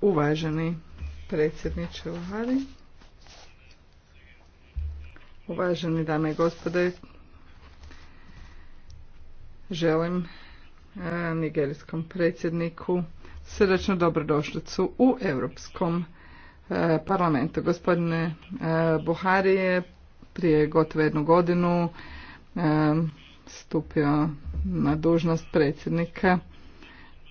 Uvaženi predsjedniče Vlade, uvažene dame i gospodo, želim e, nigerijskom predsjedniku srdačno dobrodošlicu u Europskom e, parlamentu. Gospodine e, Buhari je prije gotovo jednu godinu stupio na dužnost predsjednika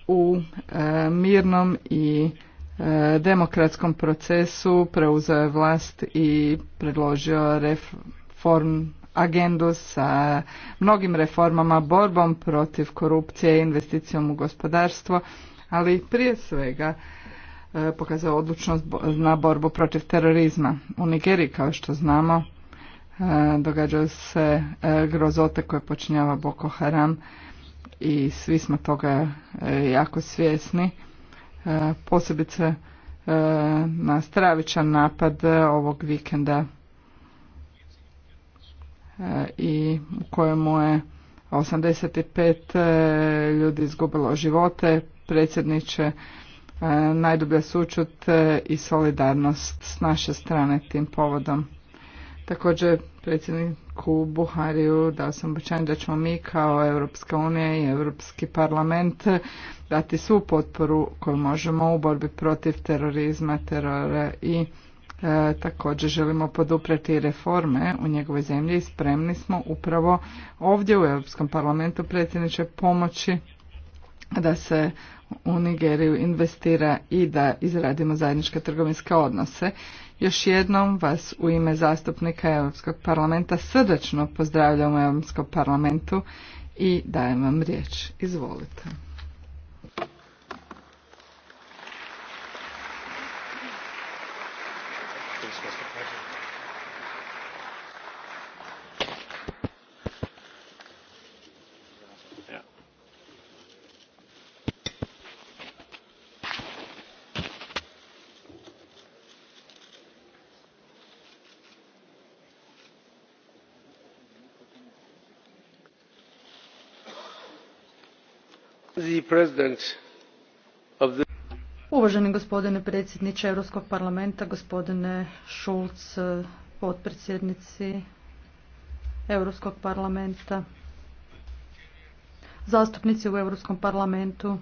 u e, mirnom i e, demokratskom procesu preuzeo je vlast i predložio reform agendu sa mnogim reformama, borbom protiv korupcije, i investicijom u gospodarstvo, ali prije svega e, pokazao odlučnost na borbu protiv terorizma. U Nigeriji, kao što znamo, događaju se grozote koje počinjava Boko Haram i svi smo toga e, jako svjesni. E, posebice e, na stravičan napad ovog vikenda i u kojemu je 85 ljudi izgubilo živote. Predsjedniče, najdublja sučut i solidarnost s naše strane tim povodom. Također, predsjednik predsjedniku Buhariju da sam obećanje da ćemo mi kao Europska unija i Europski parlament dati svu potporu koju možemo u borbi protiv terorizma, terora i E, također želimo podupreti reforme u njegovoj zemlji i spremni smo upravo ovdje u Europskom parlamentu predsjedniče pomoći da se u Nigeriju investira i da izradimo zajedničke trgovinske odnose. Još jednom vas u ime zastupnika Europskog parlamenta srdečno pozdravljam u Europskom parlamentu i dajem vam riječ. Izvolite. Uvaženi gospodine predsjedniče Europskog parlamenta, gospodine Schulz, potpredsjednici Europskog parlamenta, zastupnici u Europskom parlamentu,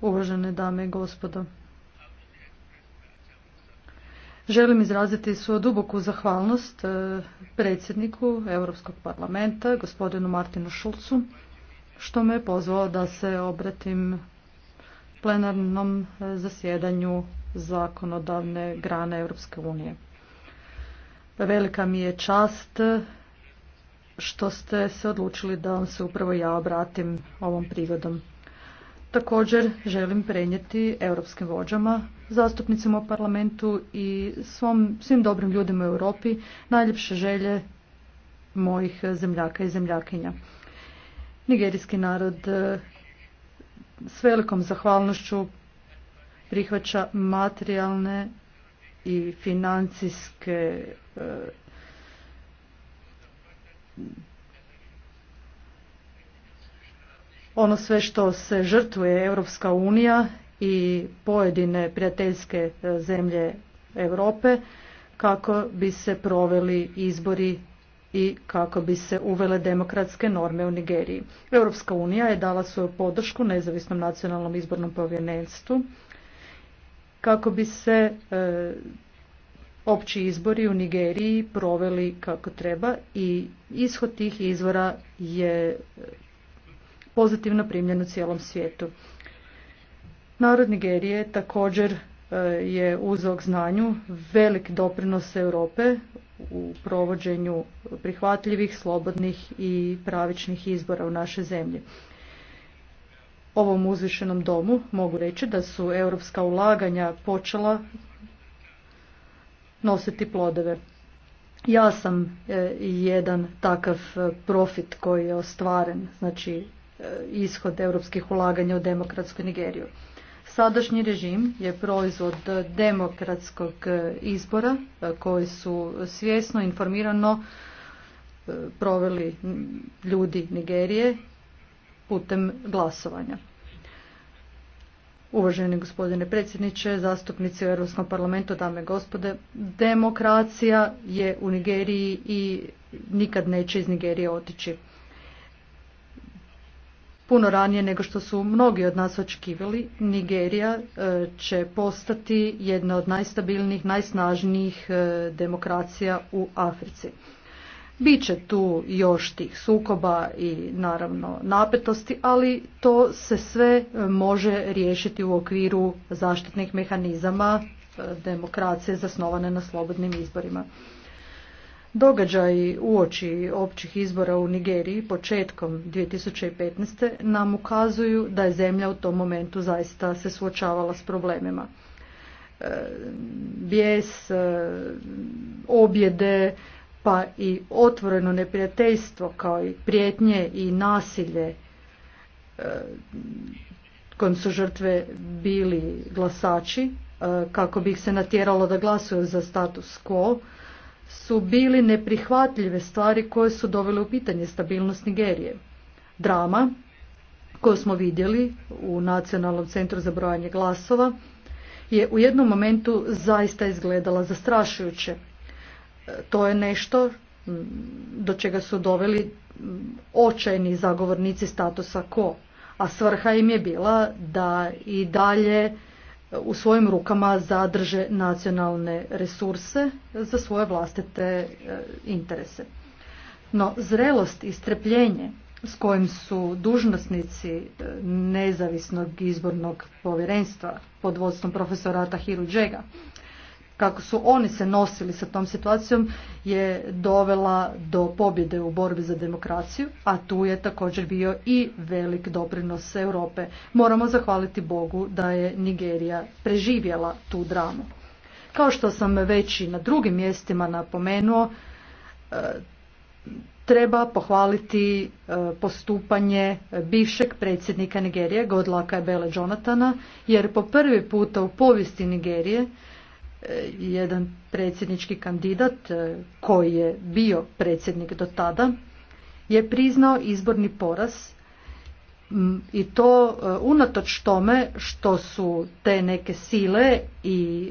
uvažene dame i gospodo. Želim izraziti svoju duboku zahvalnost eh, predsjedniku Europskog parlamenta, gospodinu Martinu Šulcu, što me je pozvao da se obratim plenarnom e, zasjedanju zakonodavne grane Europske unije. Velika mi je čast e, što ste se odlučili da vam se upravo ja obratim ovom prigodom. Također želim prenijeti europskim vođama, zastupnicima u parlamentu i svom, svim dobrim ljudima u Europi najljepše želje mojih zemljaka i zemljakinja. Nigerijski narod e, s velikom zahvalnošću prihvaća materijalne i financijske e, ono sve što se žrtvuje Europska unija i pojedine prijateljske e, zemlje Europe kako bi se proveli izbori i kako bi se uvele demokratske norme u Nigeriji. Europska unija je dala svoju podršku nezavisnom nacionalnom izbornom povjerenstvu kako bi se e, opći izbori u Nigeriji proveli kako treba i ishod tih izvora je pozitivno primljen u cijelom svijetu. Narod Nigerije također e, je uzog znanju velik doprinos Europe u provođenju prihvatljivih, slobodnih i pravičnih izbora u našoj zemlji. Ovom uzvišenom domu mogu reći da su europska ulaganja počela nositi plodove. Ja sam e, jedan takav e, profit koji je ostvaren, znači e, ishod europskih ulaganja u demokratsku Nigeriju. Sadašnji režim je proizvod demokratskog e, izbora e, koji su svjesno, informirano e, proveli ljudi Nigerije putem glasovanja. Uvaženi gospodine predsjedniče, zastupnici u Europskom parlamentu, dame i gospode, demokracija je u Nigeriji i nikad neće iz Nigerije otići puno ranije nego što su mnogi od nas očekivali, Nigerija e, će postati jedna od najstabilnijih, najsnažnijih e, demokracija u Africi. Biće tu još tih sukoba i naravno napetosti, ali to se sve e, može riješiti u okviru zaštitnih mehanizama demokracije zasnovane na slobodnim izborima. Događaji uoči općih izbora u Nigeriji početkom 2015. nam ukazuju da je zemlja u tom momentu zaista se suočavala s problemima. E, bijes, e, objede, pa i otvoreno neprijateljstvo kao i prijetnje i nasilje e, kojim su žrtve bili glasači kako bi ih se natjeralo da glasuju za status quo su bili neprihvatljive stvari koje su dovele u pitanje stabilnost Nigerije. Drama koju smo vidjeli u Nacionalnom centru za brojanje glasova je u jednom momentu zaista izgledala zastrašujuće. E, to je nešto do čega su doveli očajni zagovornici statusa ko, a svrha im je bila da i dalje u svojim rukama zadrže nacionalne resurse za svoje vlastite e, interese. No zrelost i strpljenje s kojim su dužnosnici e, nezavisnog izbornog povjerenstva pod vodstvom profesora Tahiru Džega kako su oni se nosili sa tom situacijom je dovela do pobjede u borbi za demokraciju, a tu je također bio i velik doprinos Europe. Moramo zahvaliti Bogu da je Nigerija preživjela tu dramu. Kao što sam već i na drugim mjestima napomenuo, e, treba pohvaliti e, postupanje bivšeg predsjednika Nigerije, Godlaka Bele Jonatana, jer po prvi puta u povijesti Nigerije E, jedan predsjednički kandidat e, koji je bio predsjednik do tada je priznao izborni poraz i to e, unatoč tome što su te neke sile i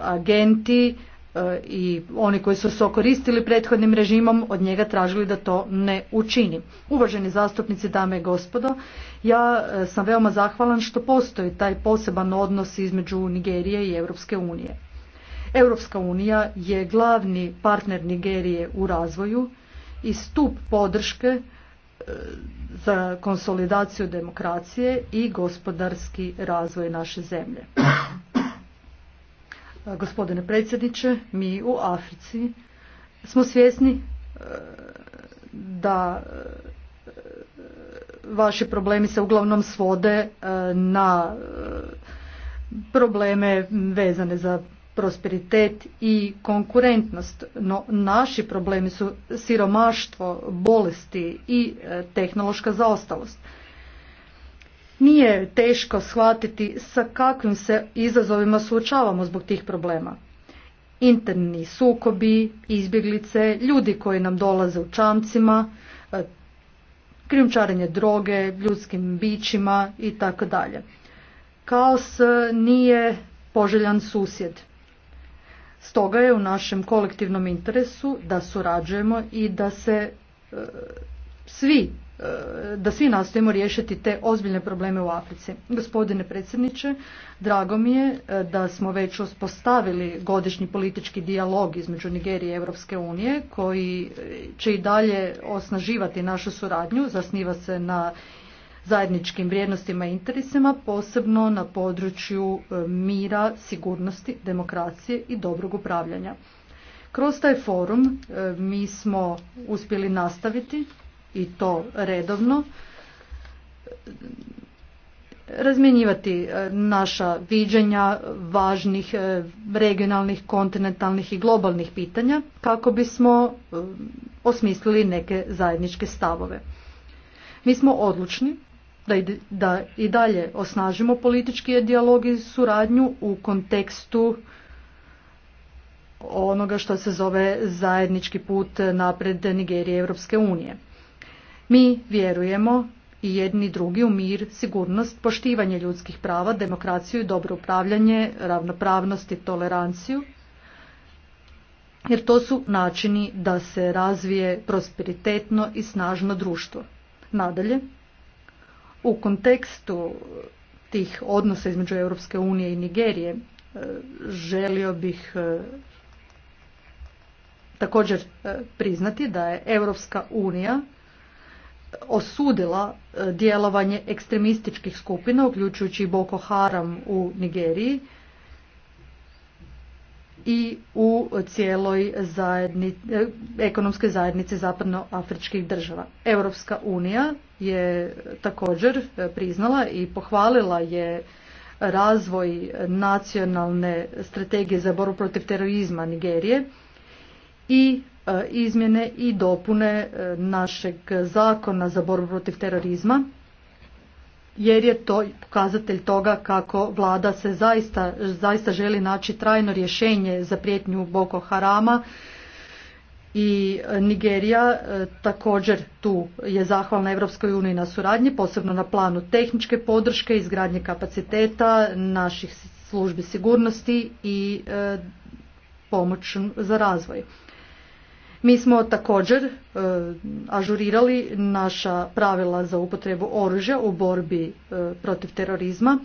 agenti E, i oni koji su se okoristili prethodnim režimom od njega tražili da to ne učini. Uvaženi zastupnici, dame i gospodo, ja e, sam veoma zahvalan što postoji taj poseban odnos između Nigerije i Europske unije. Europska unija je glavni partner Nigerije u razvoju i stup podrške e, za konsolidaciju demokracije i gospodarski razvoj naše zemlje. Gospodine predsjedniče, mi u Africi smo svjesni e, da e, vaši problemi se uglavnom svode e, na probleme vezane za prosperitet i konkurentnost, no naši problemi su siromaštvo, bolesti i tehnološka zaostalost. Nije teško shvatiti sa kakvim se izazovima suočavamo zbog tih problema. Interni sukobi, izbjeglice, ljudi koji nam dolaze u čamcima, e, krijumčarenje droge, ljudskim bićima i tako dalje. Kaos nije poželjan susjed. Stoga je u našem kolektivnom interesu da surađujemo i da se e, svi E, da svi nastojimo riješiti te ozbiljne probleme u Africi. Gospodine predsjedniče, drago mi je e, da smo već uspostavili godišnji politički dijalog između Nigerije i Europske unije koji e, će i dalje osnaživati našu suradnju, zasniva se na zajedničkim vrijednostima i interesima, posebno na području mira, sigurnosti, demokracije i dobrog upravljanja. Kroz taj forum mi smo uspjeli nastaviti i to redovno razmjenjivati e, naša viđenja važnih e, regionalnih, kontinentalnih i globalnih pitanja kako bismo e, osmislili neke zajedničke stavove. Mi smo odlučni da i dalje osnažimo politički dijalog i suradnju u kontekstu onoga što se zove zajednički put napred Nigerije i Europske unije. Mi vjerujemo i jedni drugi u mir, sigurnost, poštivanje ljudskih prava, demokraciju i dobro upravljanje, ravnopravnost i toleranciju, jer to su načini da se razvije prosperitetno i snažno društvo. Nadalje, u kontekstu tih odnosa između Europske unije i Nigerije e, želio bih e, također e, priznati da je Europska unija osudila e, djelovanje ekstremističkih skupina, uključujući Boko Haram u Nigeriji i u cijeloj zajedni, e, ekonomskoj zajednici zapadnoafričkih država. Europska unija je također e, priznala i pohvalila je razvoj nacionalne strategije za boru protiv terorizma Nigerije i E, izmjene i dopune e, našeg zakona za borbu protiv terorizma jer je to pokazatelj toga kako vlada se zaista, zaista želi naći trajno rješenje za prijetnju Boko Harama i Nigerija e, također tu je zahvalna Europskoj uniji na suradnji, posebno na planu tehničke podrške, izgradnje kapaciteta naših službi sigurnosti i pomoć za razvoj. Mi smo također e, ažurirali naša pravila za upotrebu oružja u borbi e, protiv terorizma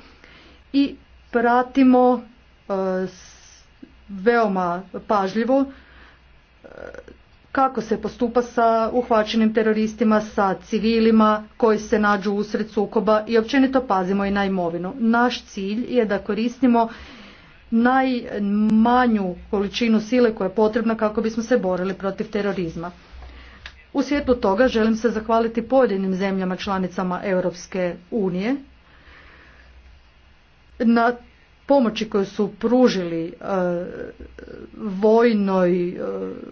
i pratimo e, veoma pažljivo kako se postupa sa uhvaćenim teroristima, sa civilima koji se nađu usred sukoba i općenito pazimo i na imovinu. Naš cilj je da koristimo najmanju količinu sile koja je potrebna kako bismo se borili protiv terorizma. U svijetu toga želim se zahvaliti pojedinim zemljama članicama Europske unije na pomoći koju su pružili e, vojnoj e,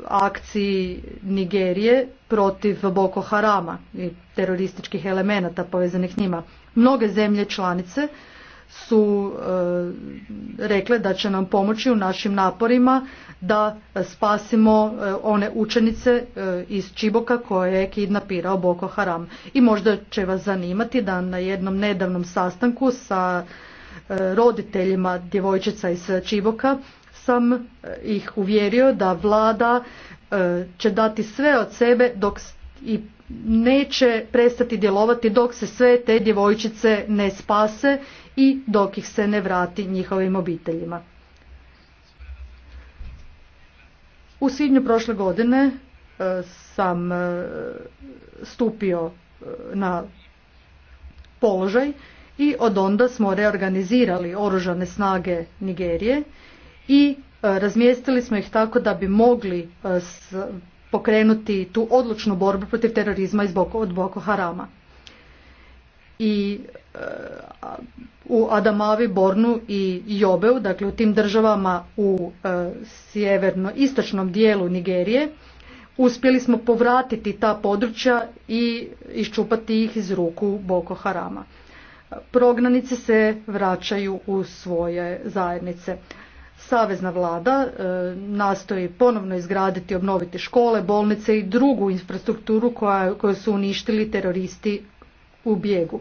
akciji Nigerije protiv Boko Harama i terorističkih elemenata povezanih njima. Mnoge zemlje članice su e, rekle da će nam pomoći u našim naporima da spasimo e, one učenice e, iz Čiboka koje je kidnapirao Boko Haram. I možda će vas zanimati da na jednom nedavnom sastanku sa roditeljima djevojčica iz Čiboka sam ih uvjerio da vlada će dati sve od sebe dok i neće prestati djelovati dok se sve te djevojčice ne spase i dok ih se ne vrati njihovim obiteljima. U svibnju prošle godine e, sam e, stupio e, na položaj i od onda smo reorganizirali oružane snage Nigerije i razmjestili smo ih tako da bi mogli pokrenuti tu odlučnu borbu protiv terorizma od Boko Harama i e, u Adamavi, Bornu i Jobeu, dakle u tim državama u e, sjeverno-istočnom dijelu Nigerije, uspjeli smo povratiti ta područja i iščupati ih iz ruku Boko Harama. Prognanice se vraćaju u svoje zajednice. Savezna vlada e, nastoji ponovno izgraditi, obnoviti škole, bolnice i drugu infrastrukturu koju su uništili teroristi u bijegu.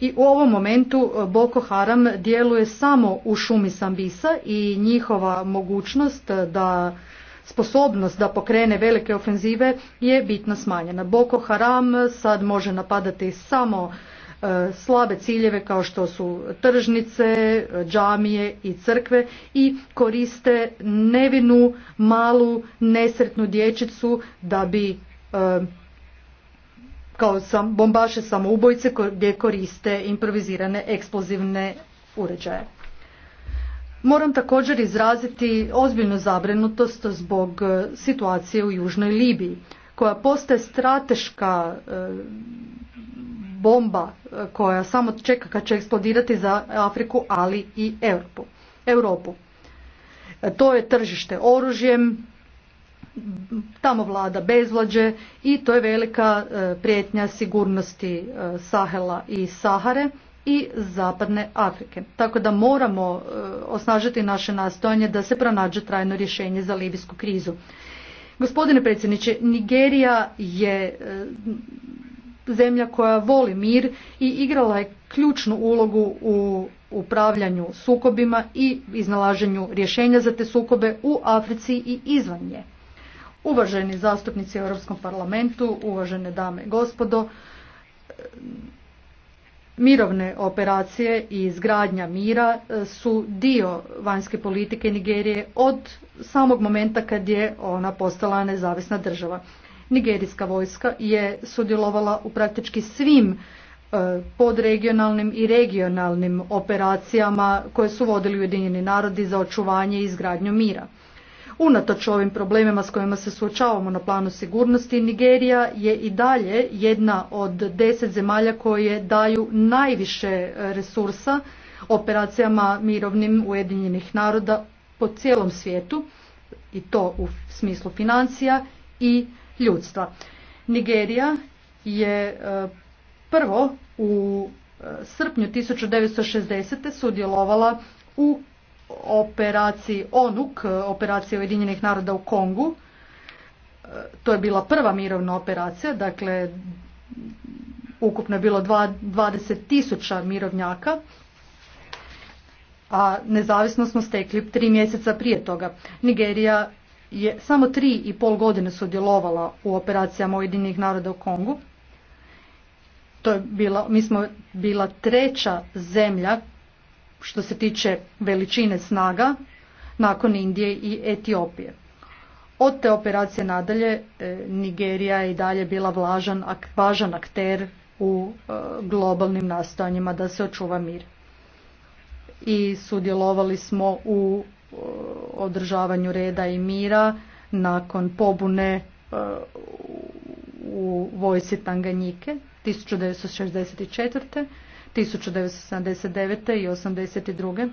I u ovom momentu eh, Boko Haram djeluje samo u šumi Sambisa i njihova mogućnost eh, da sposobnost da pokrene velike ofenzive je bitno smanjena. Boko Haram sad može napadati samo eh, slabe ciljeve kao što su tržnice, džamije i crkve i koriste nevinu malu nesretnu dječicu da bi kao sam, bombaše samoubojice gdje koriste improvizirane eksplozivne uređaje. Moram također izraziti ozbiljnu zabrinutost zbog e, situacije u Južnoj Libiji, koja postaje strateška e, bomba e, koja samo čeka kad će eksplodirati za Afriku, ali i Europu. Europu. To je tržište oružjem, tamo vlada bezvlađe i to je velika e, prijetnja sigurnosti e, Sahela i Sahare i zapadne Afrike. Tako da moramo e, osnažiti naše nastojanje da se pronađe trajno rješenje za libijsku krizu. Gospodine predsjedniče, Nigerija je zemlja koja voli mir i igrala je ključnu ulogu u upravljanju sukobima i iznalaženju rješenja za te sukobe u Africi i izvan nje. Uvaženi zastupnici u Europskom parlamentu, uvažene dame i gospodo, mirovne operacije i izgradnja mira su dio vanjske politike Nigerije od samog momenta kad je ona postala nezavisna država. Nigerijska vojska je sudjelovala u praktički svim e, podregionalnim i regionalnim operacijama koje su vodili Ujedinjeni narodi za očuvanje i izgradnju mira. Unatoč ovim problemima s kojima se suočavamo na planu sigurnosti, Nigerija je i dalje jedna od deset zemalja koje daju najviše resursa operacijama mirovnim Ujedinjenih naroda po cijelom svijetu i to u smislu financija i ljudstva. Nigerija je e, prvo u e, srpnju 1960. sudjelovala u operaciji ONUK, operacije Ujedinjenih naroda u Kongu. E, to je bila prva mirovna operacija, dakle ukupno je bilo 20 tisuća mirovnjaka, a nezavisno smo stekli tri mjeseca prije toga. Nigerija je samo tri i pol godine sudjelovala u operacijama Ujedinjenih naroda u Kongu. To je bila, mi smo bila treća zemlja što se tiče veličine snaga nakon Indije i Etiopije. Od te operacije nadalje e, Nigerija je i dalje bila važan akter u e, globalnim nastojanjima da se očuva mir. I sudjelovali smo u e, održavanju reda i mira nakon pobune u vojsi Tanganjike 1964. 1979. i 82.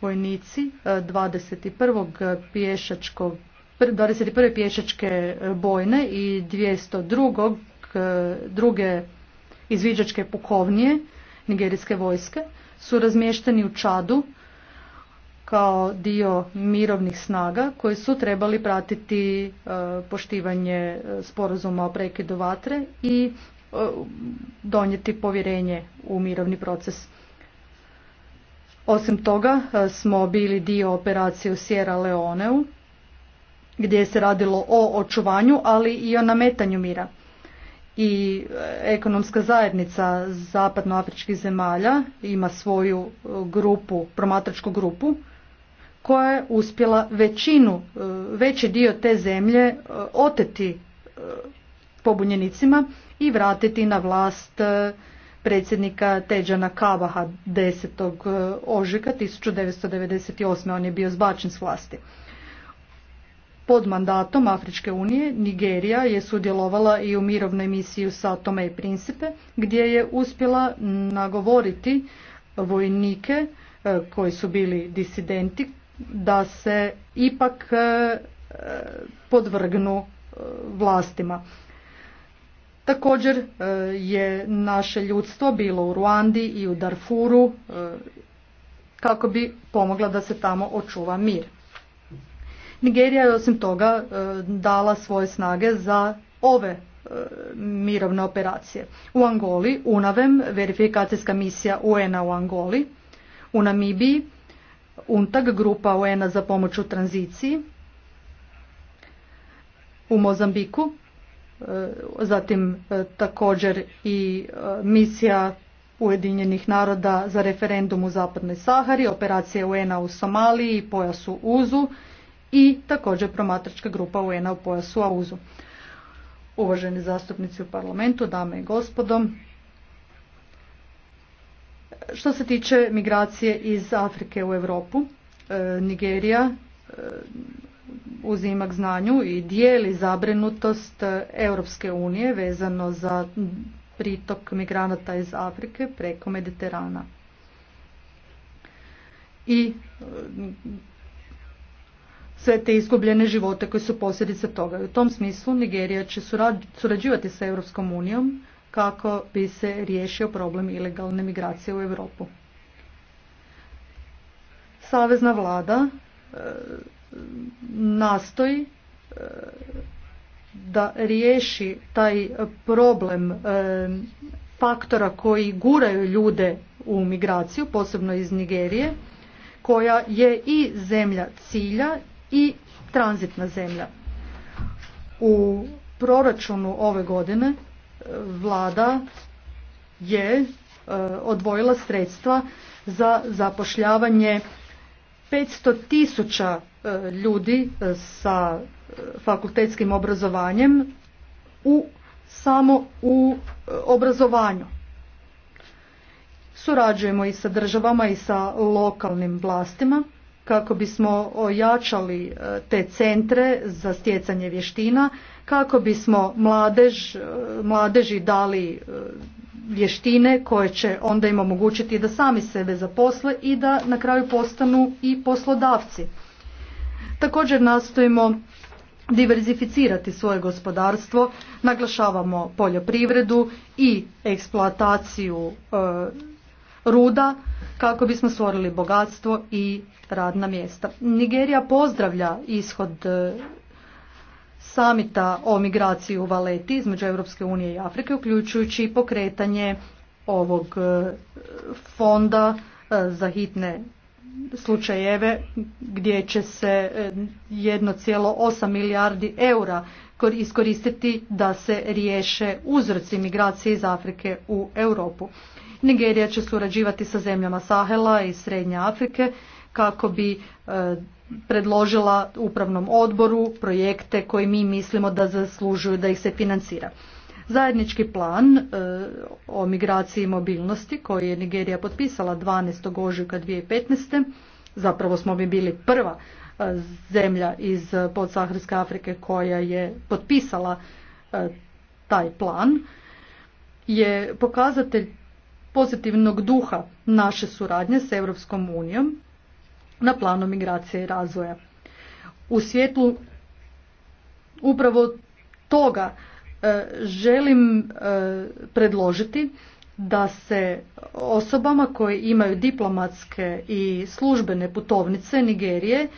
vojnici 21. E, pješačkog 21. pješačke e, bojne i 202. E, druge izviđačke pukovnije nigerijske vojske su razmješteni u Čadu kao dio mirovnih snaga koji su trebali pratiti poštivanje sporazuma o prekidu vatre i E, donijeti povjerenje u mirovni proces. Osim toga e, smo bili dio operacije u Sierra Leoneu gdje se radilo o očuvanju ali i o nametanju mira. I e, ekonomska zajednica zapadnoafričkih zemalja ima svoju grupu, promatračku grupu koja je uspjela većinu, veći dio te zemlje oteti pobunjenicima i vratiti na vlast e, predsjednika Teđana Kavaha 10. E, ožujka 1998. On je bio zbačen s vlasti. Pod mandatom Afričke unije Nigerija je sudjelovala i u mirovnoj misiji sa Tome i Principe gdje je uspjela nagovoriti vojnike e, koji su bili disidenti da se ipak podvrgnu vlastima. Također e, je naše ljudstvo bilo u Ruandi i u Darfuru e, kako bi pomogla da se tamo očuva mir. Nigerija je osim toga e, dala svoje snage za ove mirovne operacije. U Angoli, UNAVEM, verifikacijska misija un u Angoli, u Namibiji, UNTAG, grupa UN-a za pomoć u tranziciji, u Mozambiku, E, zatim e, također i e, misija Ujedinjenih naroda za referendum u Zapadnoj Sahari, operacije un u Somaliji i pojasu Uzu i također promatračka grupa un u pojasu Auzu. Uvaženi zastupnici u parlamentu, dame i gospodo, što se tiče migracije iz Afrike u Europu, Nigerija uzima k znanju i dijeli zabrinutost e, Europske unije vezano za pritok migranata iz Afrike preko Mediterana. I e, sve te izgubljene živote koji su posljedice toga. U tom smislu Nigerija će surađivati sa Europskom unijom kako bi se riješio problem ilegalne migracije u Europu. Savezna vlada e, nastoji e, da riješi taj problem e, faktora koji guraju ljude u migraciju, posebno iz Nigerije, koja je i zemlja cilja i tranzitna zemlja. U proračunu ove godine e, vlada je odvojila sredstva za zapošljavanje 500 tisuća e, ljudi e, sa e, fakultetskim obrazovanjem u, samo u obrazovanju. Surađujemo i sa državama i sa lokalnim vlastima kako bismo ojačali te centre za stjecanje vještina, kako bismo mladež, mladeži dali vještine koje će onda im omogućiti da sami sebe zaposle i da na kraju postanu i poslodavci. Također nastojimo diverzificirati svoje gospodarstvo, naglašavamo poljoprivredu i eksploataciju e, ruda kako bismo stvorili bogatstvo i radna mjesta. Nigerija pozdravlja ishod e, samita o migraciji u Valeti između Europske unije i Afrike, uključujući pokretanje ovog e, fonda e, za hitne slučajeve gdje će se 1,8 e, milijardi eura iskoristiti da se riješe uzroci migracije iz Afrike u Europu. Nigerija će surađivati sa zemljama Sahela i Srednje Afrike kako bi predložila upravnom odboru projekte koji mi mislimo da zaslužuju da ih se financira. Zajednički plan e, o migraciji i mobilnosti koji je Nigerija potpisala 12. ožujka 2015. Zapravo smo mi bili prva e, zemlja iz podsaharske Afrike koja je potpisala e, taj plan je pokazatelj pozitivnog duha naše suradnje s Europskom unijom na planu migracije i razvoja. U svijetlu upravo toga e, želim e, predložiti da se osobama koje imaju diplomatske i službene putovnice Nigerije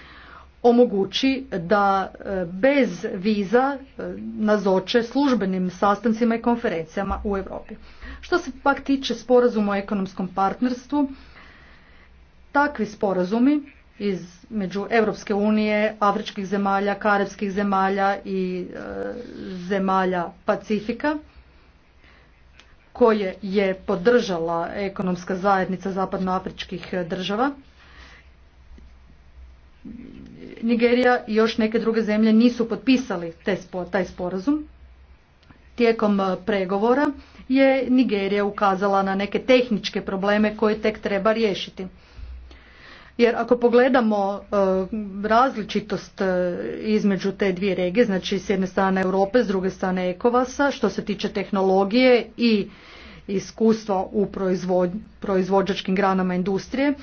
omogući da e, bez viza nazoče službenim sastancima i konferencijama u Europi. Što se pak tiče sporazuma o ekonomskom partnerstvu, Takvi sporazumi između Europske unije, afričkih zemalja, karibskih zemalja i e, zemalja Pacifika koje je podržala ekonomska zajednica zapadnoafričkih država. Nigerija i još neke druge zemlje nisu potpisali te, taj sporazum. Tijekom e, pregovora je Nigerija ukazala na neke tehničke probleme koje tek treba riješiti. Jer ako pogledamo e, različitost e, između te dvije regije, znači s jedne strane Europe, s druge strane Ekovasa, što se tiče tehnologije i iskustva u proizvođačkim granama industrije,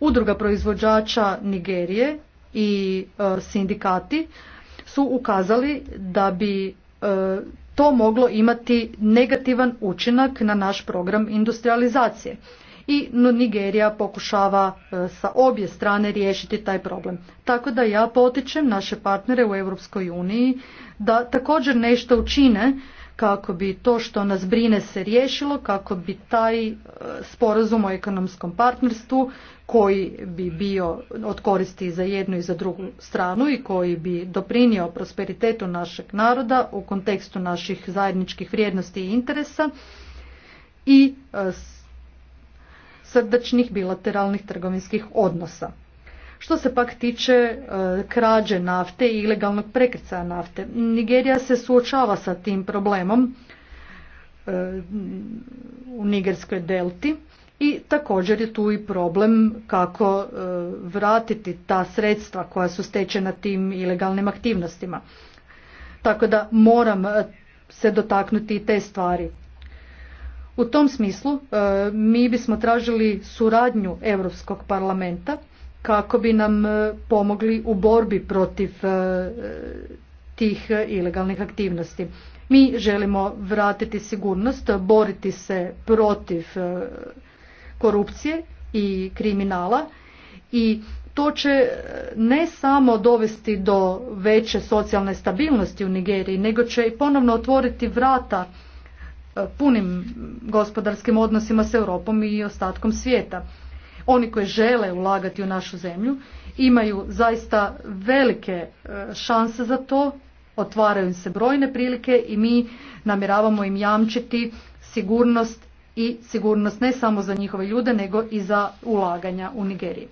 udruga proizvođača Nigerije i e, sindikati su ukazali da bi to moglo imati negativan učinak na naš program industrializacije i Nigerija pokušava e, sa obje strane riješiti taj problem. Tako da ja potičem naše partnere u Europskoj uniji da također nešto učine kako bi to što nas brine se riješilo, kako bi taj e, sporazum o ekonomskom partnerstvu koji bi bio od koristi za jednu i za drugu stranu i koji bi doprinio prosperitetu našeg naroda u kontekstu naših zajedničkih vrijednosti i interesa i e, srdačnih bilateralnih trgovinskih odnosa. Što se pak tiče e, krađe nafte i ilegalnog prekrcaja nafte, Nigerija se suočava sa tim problemom e, u Nigerskoj delti i također je tu i problem kako e, vratiti ta sredstva koja su stečena tim ilegalnim aktivnostima. Tako da moram se dotaknuti i te stvari. U tom smislu e, mi bismo tražili suradnju Europskog parlamenta kako bi nam e, pomogli u borbi protiv e, tih ilegalnih aktivnosti. Mi želimo vratiti sigurnost, boriti se protiv korupcije i kriminala i to će ne samo dovesti do veće socijalne stabilnosti u Nigeriji, nego će i ponovno otvoriti vrata E, punim gospodarskim odnosima s Europom i ostatkom svijeta. Oni koji žele ulagati u našu zemlju imaju zaista velike e, šanse za to, otvaraju im se brojne prilike i mi namjeravamo im jamčiti sigurnost i sigurnost ne samo za njihove ljude nego i za ulaganja u Nigeriji.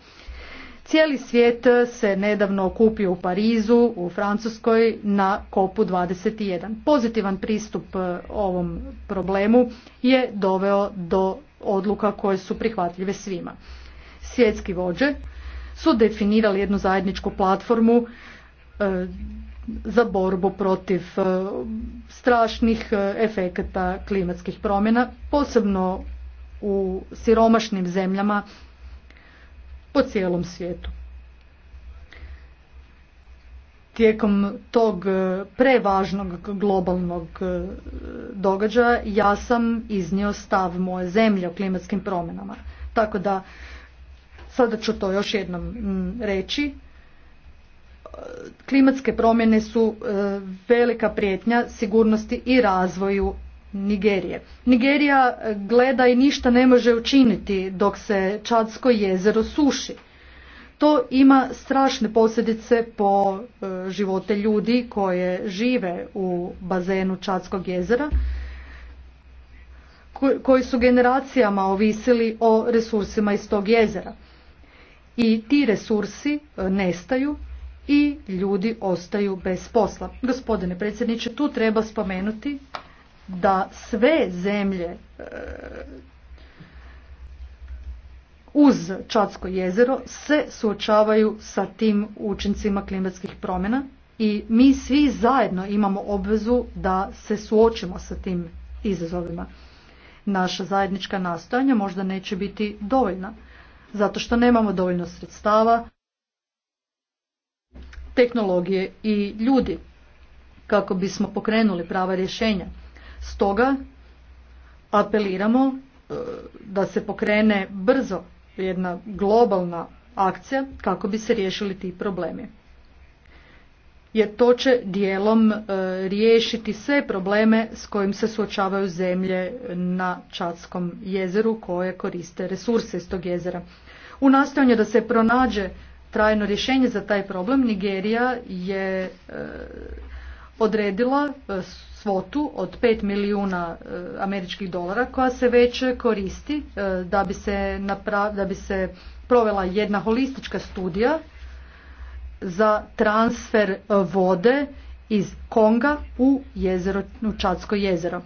Cijeli svijet se nedavno okupio u Parizu, u Francuskoj, na kopu 21. Pozitivan pristup e, ovom problemu je doveo do odluka koje su prihvatljive svima. Svjetski vođe su definirali jednu zajedničku platformu e, za borbu protiv e, strašnih efekata klimatskih promjena, posebno u siromašnim zemljama po cijelom svijetu. Tijekom tog eh, prevažnog globalnog eh, događaja ja sam iznio stav moje zemlje o klimatskim promjenama. Tako da sada ću to još jednom mm, reći. Eh, klimatske promjene su velika prijetnja sigurnosti i razvoju Nigerije. Nigerija e, gleda i ništa ne može učiniti dok se Čadsko jezero suši. To ima strašne posljedice po e, živote ljudi koje žive u bazenu Čadskog jezera koji su generacijama ovisili o resursima iz tog jezera. I ti resursi e, nestaju i ljudi ostaju bez posla. Gospodine predsjedniče, tu treba spomenuti da sve zemlje e, uz Čatsko jezero se suočavaju sa tim učincima klimatskih promjena i mi svi zajedno imamo obvezu da se suočimo sa tim izazovima. Naša zajednička nastojanja možda neće biti dovoljna, zato što nemamo dovoljno sredstava, tehnologije i ljudi kako bismo pokrenuli prava rješenja. Stoga apeliramo e, da se pokrene brzo jedna globalna akcija kako bi se riješili ti problemi. Jer to će dijelom e, riješiti sve probleme s kojim se suočavaju zemlje na Čatskom jezeru koje koriste resurse iz tog jezera. U nastojanju da se pronađe trajno rješenje za taj problem Nigerija je e, odredila e, svotu od 5 milijuna e, američkih dolara koja se već koristi e, da bi se, da bi se provela jedna holistička studija za transfer vode iz Konga u jezero, u Čadsko jezero.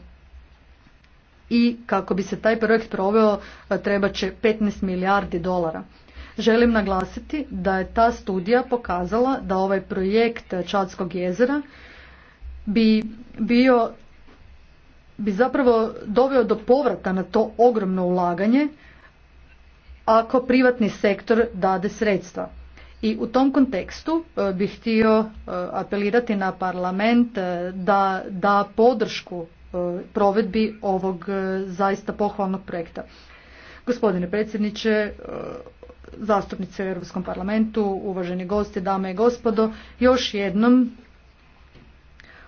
I kako bi se taj projekt proveo treba će 15 milijardi dolara. Želim naglasiti da je ta studija pokazala da ovaj projekt Čadskog jezera bi bio bi zapravo doveo do povrata na to ogromno ulaganje ako privatni sektor dade sredstva. I u tom kontekstu e, bih htio e, apelirati na parlament e, da da podršku provedbi ovog zaista pohvalnog projekta. Gospodine predsjedniče, zastupnice u Europskom parlamentu, uvaženi gosti, dame i gospodo, još jednom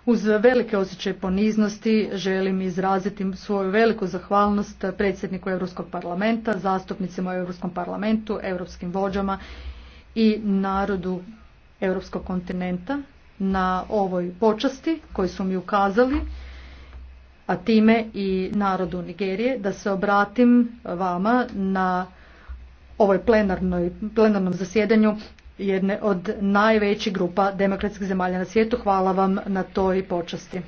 uz velike osjećaje poniznosti želim izraziti svoju veliku zahvalnost predsjedniku Europskog parlamenta, zastupnicima u Europskom parlamentu, europskim vođama i narodu Europskog kontinenta na ovoj počasti koju su mi ukazali, a time i narodu Nigerije, da se obratim vama na ovoj plenarnom zasjedanju jedne od najvećih grupa demokratskih zemalja na svijetu. Hvala vam na toj počasti.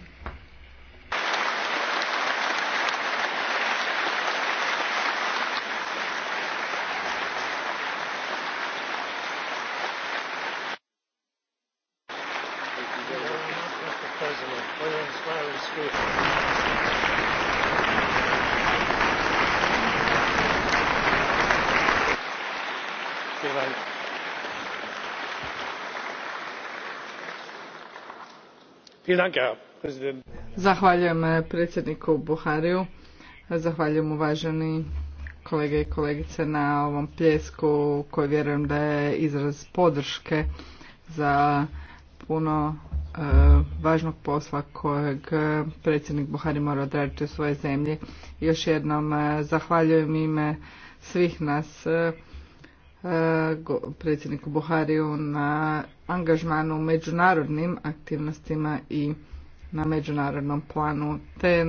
Zahvaljujem eh, predsjedniku Buhariju. Zahvaljujem uvaženi kolege i kolegice na ovom pljesku koji vjerujem da je izraz podrške za puno eh, važnog posla kojeg predsjednik Buhari mora odraditi u svojoj zemlji. Još jednom zahvaljujem eh, zahvaljujem ime svih nas E, predsjedniku Buhariju na angažmanu u međunarodnim aktivnostima i na međunarodnom planu te